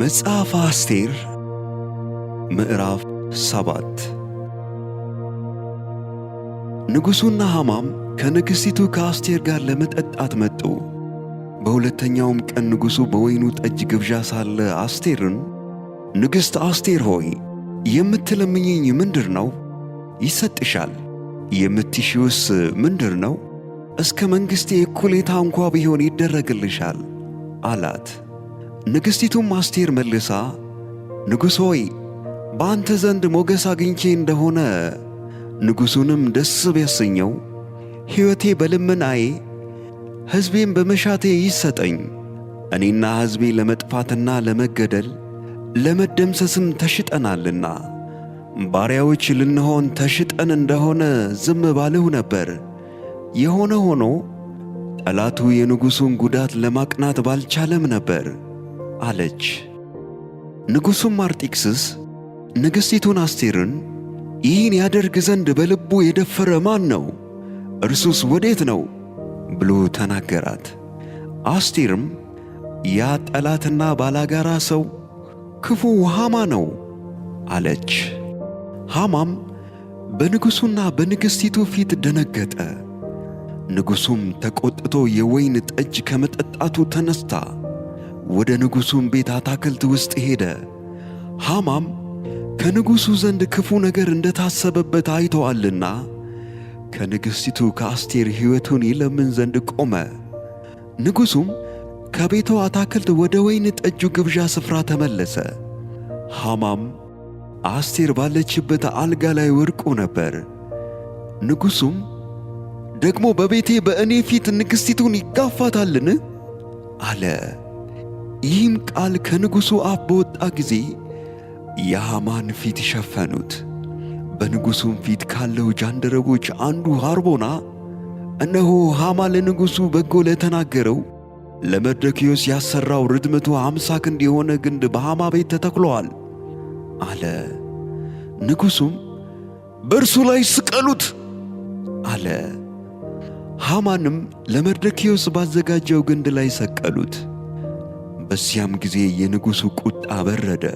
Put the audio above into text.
መጽሐፈ አስቴር ምዕራፍ ሰባት ንጉሡና ሐማም ከንግሥቲቱ ከአስቴር ጋር ለመጠጣት መጡ። በሁለተኛውም ቀን ንጉሡ በወይኑ ጠጅ ግብዣ ሳለ አስቴርን፣ ንግሥት አስቴር ሆይ የምትለምኝኝ ምንድር ነው? ይሰጥሻል። የምትሺውስ ምንድር ነው? እስከ መንግሥቴ እኩሌታ እንኳ ቢሆን ይደረግልሻል አላት። ንግሥቲቱም አስቴር መልሳ ንጉሥ ሆይ በአንተ ዘንድ ሞገስ አግኝቼ እንደሆነ ንጉሡንም ደስ ቢያሰኘው ሕይወቴ በልመናዬ ሕዝቤም በመሻቴ ይሰጠኝ። እኔና ሕዝቤ ለመጥፋትና ለመገደል ለመደምሰስም ተሽጠናልና ባሪያዎች ልንሆን ተሽጠን እንደሆነ ዝም ባልሁ ነበር። የሆነ ሆኖ ጠላቱ የንጉሡን ጉዳት ለማቅናት ባልቻለም ነበር። አለች። ንጉሡም አርጤክስስ ንግሥቲቱን አስቴርን ይህን ያደርግ ዘንድ በልቡ የደፈረ ማን ነው? እርሱስ ወዴት ነው? ብሎ ተናገራት። አስቴርም ያ ጠላትና ባላጋራ ሰው ክፉ ሃማ ነው አለች። ሃማም በንጉሡና በንግሥቲቱ ፊት ደነገጠ። ንጉሡም ተቆጥቶ የወይን ጠጅ ከመጠጣቱ ተነሥታ ወደ ንጉሡም ቤት አታክልት ውስጥ ሄደ። ሐማም ከንጉሡ ዘንድ ክፉ ነገር እንደ ታሰበበት አይተዋልና ከንግሥቲቱ ከአስቴር ሕይወቱን ይለምን ዘንድ ቆመ። ንጉሡም ከቤቱ አታክልት ወደ ወይን ጠጁ ግብዣ ስፍራ ተመለሰ። ሐማም አስቴር ባለችበት አልጋ ላይ ወድቆ ነበር። ንጉሡም ደግሞ በቤቴ በእኔ ፊት ንግሥቲቱን ይጋፋታልን? አለ። ይህም ቃል ከንጉሡ አፍ በወጣ ጊዜ የሐማን ፊት ሸፈኑት። በንጉሡም ፊት ካለው ጃንደረቦች አንዱ ሐርቦና እነሆ ሐማ ለንጉሡ በጎ ለተናገረው ለመርዶክዮስ ያሠራው ርዝመቱ አምሳ ክንድ የሆነ ግንድ በሐማ ቤት ተተክሎአል አለ። ንጉሡም በእርሱ ላይ ስቀሉት አለ። ሐማንም ለመርዶክዮስ ባዘጋጀው ግንድ ላይ ሰቀሉት። በዚያም ጊዜ የንጉሡ ቁጣ በረደ።